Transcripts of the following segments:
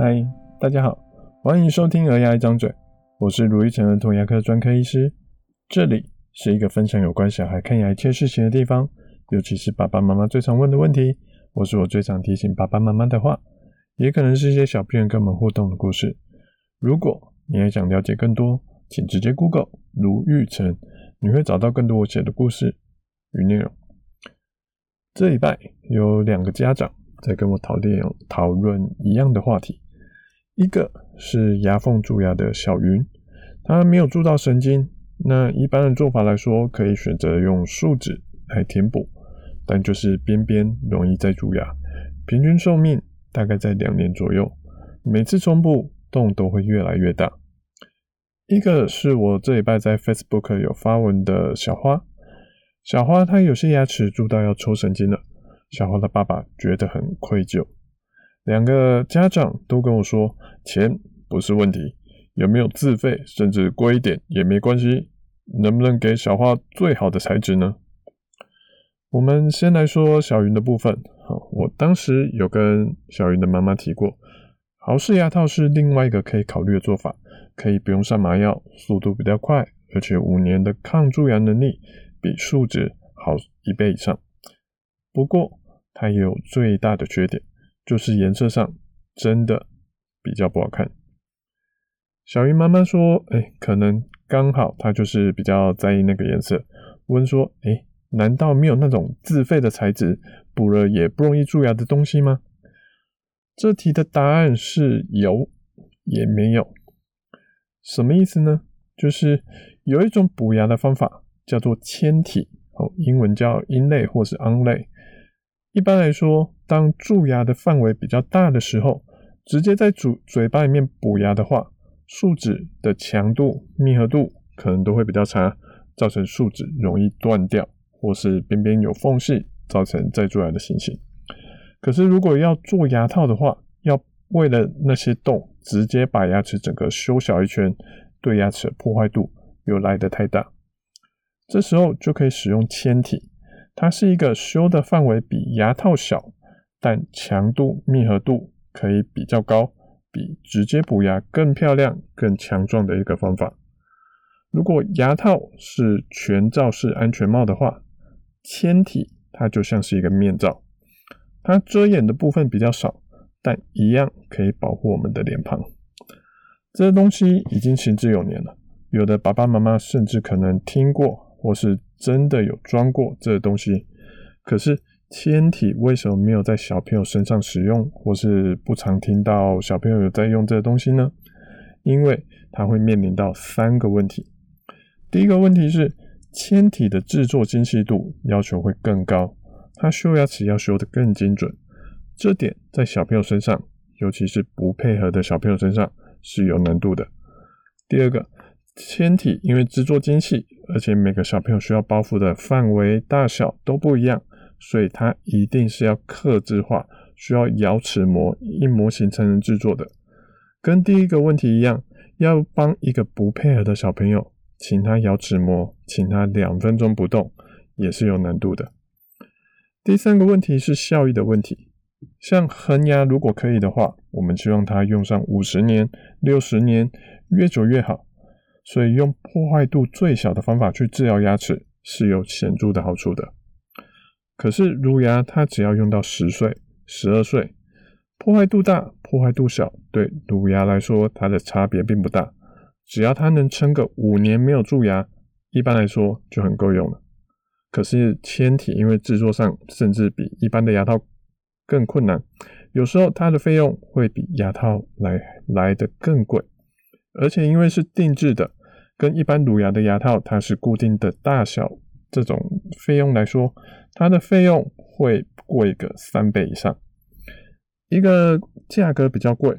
嗨，大家好，歡迎收聽《兒牙一張嘴》，我是盧玉成兒童牙科專科醫師，這裡是一個分享有關小孩看牙一切事情的地方，尤其是爸爸媽媽最常問的問題，或是我最常提醒爸爸媽媽的話，也可能是一些小朋友跟我們互動的故事。如果你還想了解更多，請直接 Google 盧玉成，你會找到更多我寫的故事與內容。這禮拜有兩個家長在跟我討論討論一樣的話題。一個是牙縫蛀牙的小雲，他沒有蛀到神經，那一般的做法來說，可以選擇用樹脂來填補，但就是邊邊容易再蛀牙，平均壽命大概在兩年左右，每次重補，洞都會越來越大。一個是我這禮拜在 Facebook 有發文的小花，小花他有些牙齒蛀到要抽神經了，小花的爸爸覺得很愧疚。兩個家長都跟我說，錢不是問題，有沒有自費甚至貴一點也沒關係，能不能給小花最好的材質呢？我們先來說小云的部分。好，我當時有跟小云的媽媽提過，豪氏牙套是另外一個可以考慮的做法，可以不用上麻藥，速度比較快，而且五年的抗蛀牙能力比樹脂好一倍以上。不過它也有最大的缺點。就是顏色上真的比較不好看。小魚媽媽說：“哎、欸，可能剛好他就是比較在意那個顏色。”問說：“哎、欸，難道沒有那種自費的材質補了也不容易蛀牙的東西嗎？”這題的答案是有，也沒有。什麼意思呢？就是有一種補牙的方法叫做嵌體，哦，英文叫 inlay 或是 onlay。一般來說，當蛀牙的範圍比較大的時候，直接在嘴嘴巴裡面補牙的話，樹脂的強度、密合度可能都會比較差，造成樹脂容易斷掉，或是邊邊有縫隙，造成再蛀牙的情形。可是如果要做牙套的話，要為了那些洞，直接把牙齒整個修小一圈，對牙齒的破壞度又來得太大。這時候就可以使用嵌體。它是一個修的範圍比牙套小，但強度密合度可以比較高，比直接補牙更漂亮、更強壯的一個方法。如果牙套是全罩式安全帽的話，嵌體它就像是一個面罩，它遮掩的部分比較少，但一樣可以保護我們的臉龐。這些東西已經行之有年了，有的爸爸媽媽甚至可能聽過。或是真的有裝過這東西，可是鉛體為什麼沒有在小朋友身上使用，或是不常聽到小朋友有在用這東西呢？因為它會面臨到三個問題。第一個問題是，鉛體的制作精細度要求會更高，它修牙齒要修得更精準，這點在小朋友身上，尤其是不配合的小朋友身上是有難度的。第二個。嵌體因為製作精細，而且每個小朋友需要包覆的範圍大小都不一樣，所以它一定是要客製化，需要咬齒模一模型才能製作的。跟第一個問題一樣，要幫一個不配合的小朋友，請他咬齒模，請他兩分鐘不動，也是有難度的。第三個問題是效益的問題，像恆牙，如果可以的話，我們就用他用上五十年、六十年，越久越好。所以用破壞度最小的方法去治療牙齒是有顯著的好處的。可是乳牙它只要用到十歲、十二歲，破壞度大，破壞度小，對乳牙來說它的差別並不大，只要它能撐個五年沒有蛀牙，一般來說就很夠用了。可是嵌體因為製作上甚至比一般的牙套更困難，有時候它的費用會比牙套來來得更貴，而且因為是定製的。跟一般乳牙的牙套，它是固定的大小，這種費用來說，它的費用會貴個三倍以上，一個價格比較貴，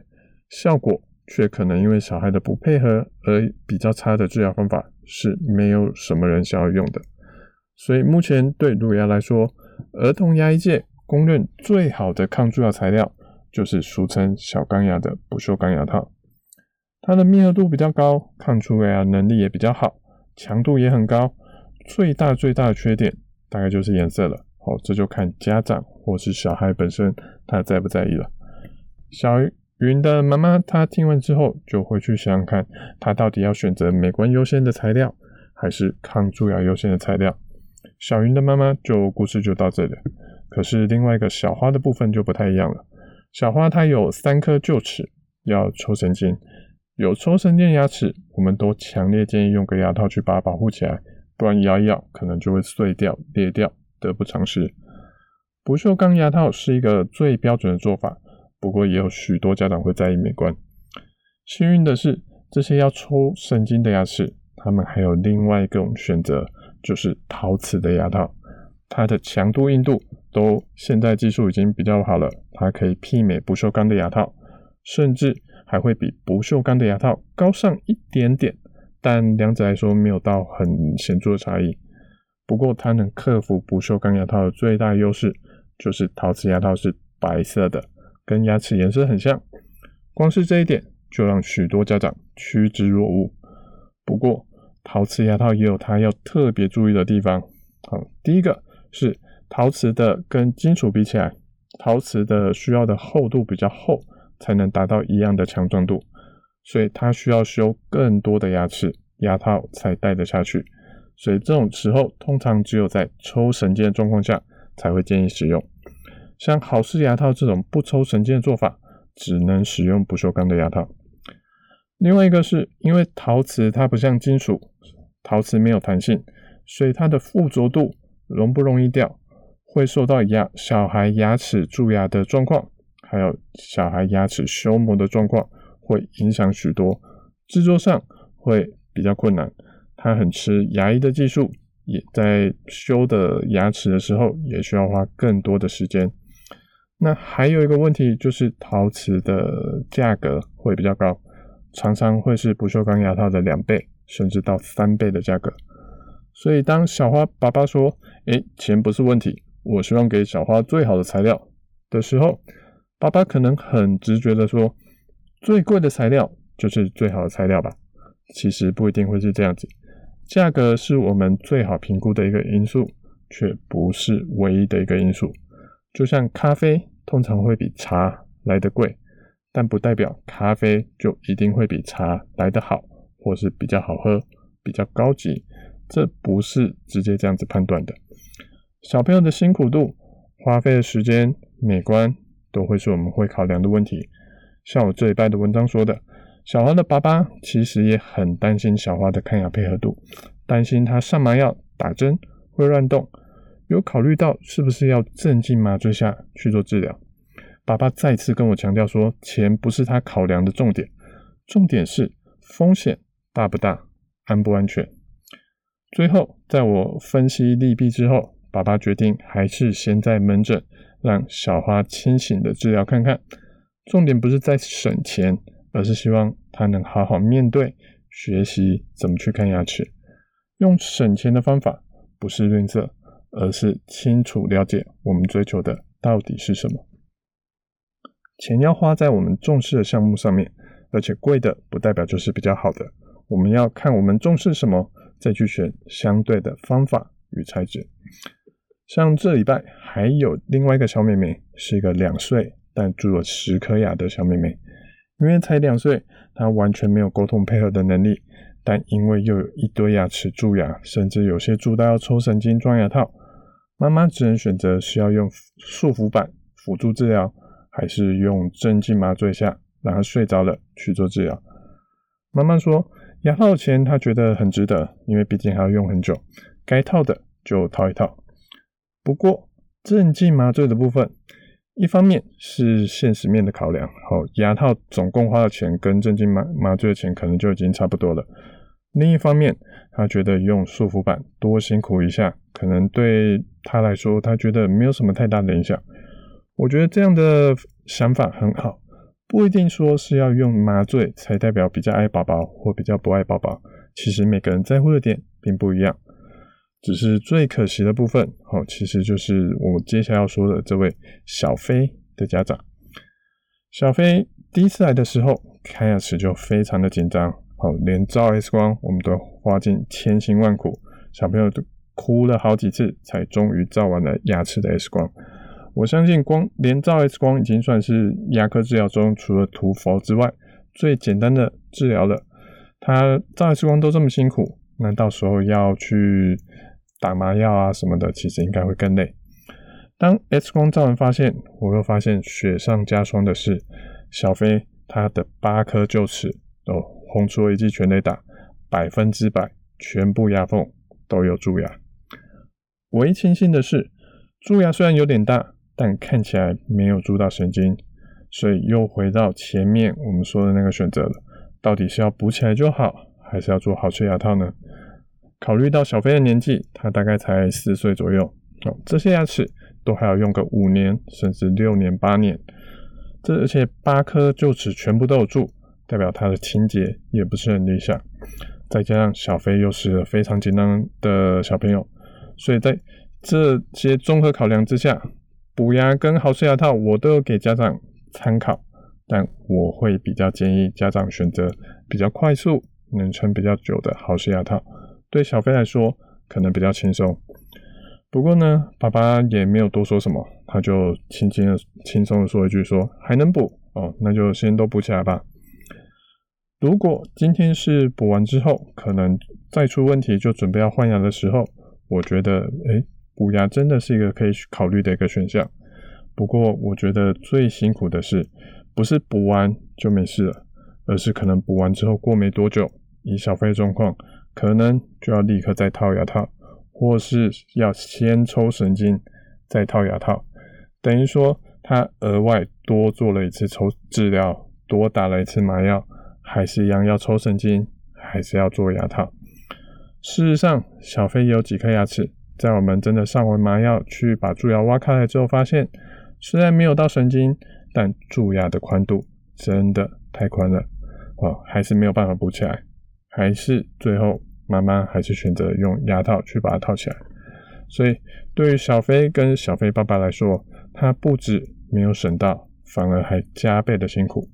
效果卻可能因為小孩的不配合而比較差的治療方法是沒有什麼人想要用的。所以目前對乳牙來說，兒童牙醫界公認最好的抗蛀牙材料，就是俗稱小鋼牙的不鏽鋼牙套。它的密合度比較高，抗蛀牙能力也比較好，強度也很高。最大最大的缺點大概就是顏色了。好、哦，這就看家長或是小孩本身他在不在意了。小雲的媽媽她聽完之後就回去想想看，她到底要選擇美觀優先的材料，還是抗蛀牙優先的材料？小雲的媽媽就故事就到這裡。可是另外一個小花的部分就不太一樣了。小花它有三顆臼齒要抽神經。有抽神經牙齒，我們都強烈建議用個牙套去把它保護起來，不然咬一咬可能就會碎掉、裂掉，得不償失。不鏽鋼牙套是一個最標準的做法，不過也有許多家長會在意美觀。幸運的是，這些要抽神經的牙齒，他們還有另外一個選擇，就是陶瓷的牙套，它的強度、硬度都現在技術已經比較好了，它可以媲美不鏽鋼的牙套，甚至。還會比不鏽鋼的牙套高上一點點，但兩者來說沒有到很顯著的差異。不過，它能克服不鏽鋼牙套的最大優勢，就是陶瓷牙套是白色的，跟牙齒顏色很像。光是這一點，就讓許多家長趨之若鶩。不過，陶瓷牙套也有它要特別注意的地方。好，第一個是陶瓷的跟金屬比起來，陶瓷的需要的厚度比較厚。才能達到一樣的強壯度，所以它需要修更多的牙齒，牙套才戴得下去。所以這種時候，通常只有在抽神經的狀況下才會建議使用。像好士牙套這種不抽神經的做法，只能使用不鏽鋼的牙套。另外一個是因為陶瓷它不像金屬，陶瓷沒有彈性，所以它的附着度容不容易掉，會受到牙小孩牙齒蛀牙的狀況。還有小孩牙齒修磨的狀況會影響許多，製作上會比較困難，它很吃牙醫的技術，也在修的牙齒的時候也需要花更多的時間。那還有一個問題就是陶瓷的價格會比較高，常常會是不鏽鋼牙套的兩倍，甚至到三倍的價格。所以當小花爸爸說：“誒，錢不是問題，我希望給小花最好的材料”的時候。爸爸可能很直覺地說，最貴的材料就是最好的材料吧。其實不一定會是這樣子。價格是我們最好評估的一個因素，卻不是唯一的一個因素。就像咖啡通常會比茶來得貴，但不代表咖啡就一定會比茶來得好，或是比較好喝、比較高級。這不是直接這樣子判斷的。小朋友的辛苦度、花費的時間、美觀。都會是我們會考量的問題。像我這禮拜的文章說的，小花的爸爸其實也很擔心小花的看牙配合度，擔心他上麻藥打針會亂動，有考慮到是不是要鎮靜麻醉下去做治療。爸爸再次跟我強調說，錢不是他考量的重點，重點是風險大不大，安不安全。最後，在我分析利弊之後，爸爸決定還是先在門診讓小花清醒的治療看看。重點不是在省錢，而是希望她能好好面對，學習怎麼去看牙齒。用省錢的方法，不是吝嗇，而是清楚了解我們追求的到底是什麼。錢要花在我們重視的項目上面，而且貴的不代表就是比較好的。我們要看我們重視什麼，再去選相對的方法與材質。像這禮拜還有另外一個小妹妹，是一個兩歲但蛀了十顆牙的小妹妹。因為才兩歲，她完全沒有溝通配合的能力，但因為又有一堆牙齒蛀牙，甚至有些蛀到要抽神經裝牙套，媽媽只能選擇是要用束縛板輔助治療，還是用鎮靜麻醉下，然後睡着了去做治療。媽媽說，牙套錢她覺得很值得，因為畢竟還要用很久，該套的就套一套。不過鎮靜麻醉的部分，一方面是現實面的考量，好、哦、牙套總共花的錢跟鎮靜麻麻醉的錢可能就已經差不多了。另一方面，他覺得用束縛板多辛苦一下，可能對他來說他覺得沒有什麼太大的影響。我覺得這樣的想法很好，不一定說是要用麻醉才代表比較愛寶寶或比較不愛寶寶，其實每個人在乎的點並不一樣。只是最可惜的部分，好、哦，其實就是我接下來要說的這位小飛的家長。小飛第一次來的時候，看牙齒就非常的緊張，好、哦，連照 X 光，我們都花盡千辛萬苦，小朋友都哭了好幾次，才終於照完了牙齒的 X 光。我相信光連照 X 光已經算是牙科治療中除了塗氟之外最簡單的治療了。他照 X 光都這麼辛苦，那到時候要去。打麻藥啊什麼的，其實應該會更累。當 X 光照完發現，我又發現雪上加霜的是，小飛他的八顆臼齒哦，轟出了一記全壘打，百分之百全部牙縫都有蛀牙。唯一慶幸的是，蛀牙雖然有點大，但看起來沒有蛀到神經，所以又回到前面我們說的那個選擇了，到底是要補起來就好，還是要做好缺牙套呢？考慮到小飛的年紀，他大概才四歲左右，哦，這些牙齒都還要用個五年，甚至六年、八年。這而且八顆臼齒全部都有蛀，代表他的清潔也不是很理想。再加上小飛又是非常緊張的小朋友，所以在這些綜合考量之下，補牙跟豪氏牙套我都有給家長參考，但我會比較建議家長選擇比較快速、能撐比較久的豪氏牙套。對小飛來說，可能比較輕鬆。不過呢，爸爸也沒有多說什麼，他就輕輕的、輕鬆的說一句說：“說還能補哦，那就先都補起來吧。”如果今天是補完之後，可能再出問題就準備要換牙的時候，我覺得，哎、欸，補牙真的是一個可以考慮的一個選項。不過，我覺得最辛苦的是，不是補完就沒事了，而是可能補完之後過沒多久，以小飛的狀況。可能就要立刻再套牙套，或是要先抽神經再套牙套，等於說他額外多做了一次抽治療，多打了一次麻藥，還是一樣要抽神經，還是要做牙套。事實上，小飛也有幾顆牙齒，在我們真的上完麻藥去把蛀牙挖開來之後，發現雖然沒有到神經，但蛀牙的寬度真的太寬了啊，還是沒有辦法補起來，還是最後。媽媽還是選擇用牙套去把它套起來，所以對於小飛跟小飛爸爸來說，他不止沒有省到，反而還加倍的辛苦。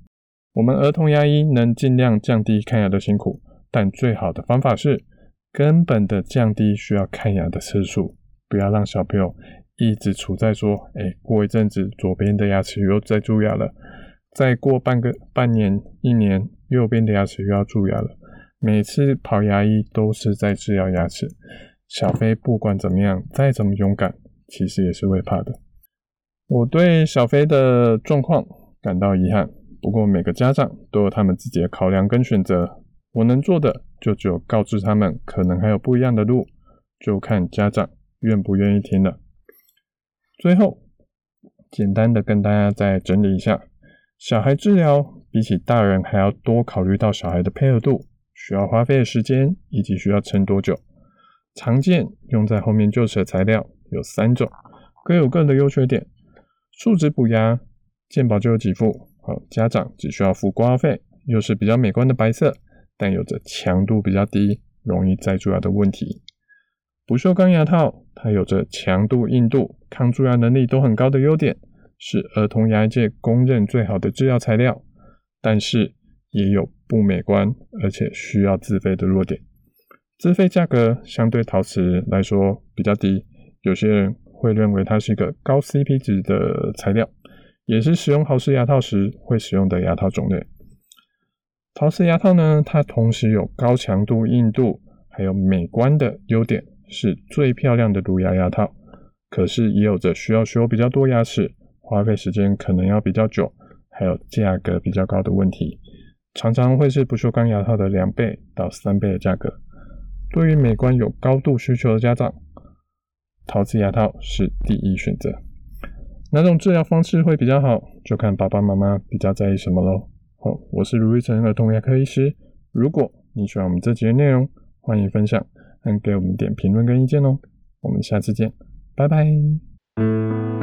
我們兒童牙醫能盡量降低看牙的辛苦，但最好的方法是根本的降低需要看牙的次數，不要讓小朋友一直處在說，哎，過一陣子左邊的牙齒又再蛀牙了，再過半個半年一年，右邊的牙齒又要蛀牙了。每次跑牙醫都是在治療牙齒。小飛不管怎麼樣，再怎麼勇敢，其實也是會怕的。我對小飛的狀況感到遺憾。不過每個家長都有他們自己的考量跟選擇。我能做的就只有告知他們，可能還有不一樣的路，就看家長願不願意聽了。最後，簡單的跟大家再整理一下：小孩治療比起大人還要多考慮到小孩的配合度。需要花費的時間以及需要撐多久？常見用在後面臼齒的材料有三種，各有各的優缺點。樹脂補牙，健保就有給付，好，家長只需要付掛號費，又是比較美觀的白色，但有着強度比較低，容易再蛀牙的問題。不鏽鋼牙套，它有着強度、硬度、抗蛀牙能力都很高的優點，是兒童牙界公認最好的補牙材，材料，但是也有，不美觀，而且需要自費的弱點。自費價格相對陶瓷來說比較低，有些人會認為它是一個高 CP 值的材料，也是使用陶瓷牙套時會使用的牙套種類。陶瓷牙套呢，它同時有高強度、硬度，還有美觀的優點，是最漂亮的乳牙牙套。可是也有着需要修比較多牙齒，花費時間可能要比較久，還有價格比較高的問題。常常會是不鏽鋼牙套的兩倍到三倍的價格。對於美觀有高度需求的家長，陶瓷牙套是第一選擇。哪種治療方式會比較好，就看爸爸媽媽比較在意什麼咯。好、哦，我是如意成人兒童牙科醫師。如果你喜歡我們這集的內容，歡迎分享，還給我們點評論跟意見哦。我們下次見，拜拜。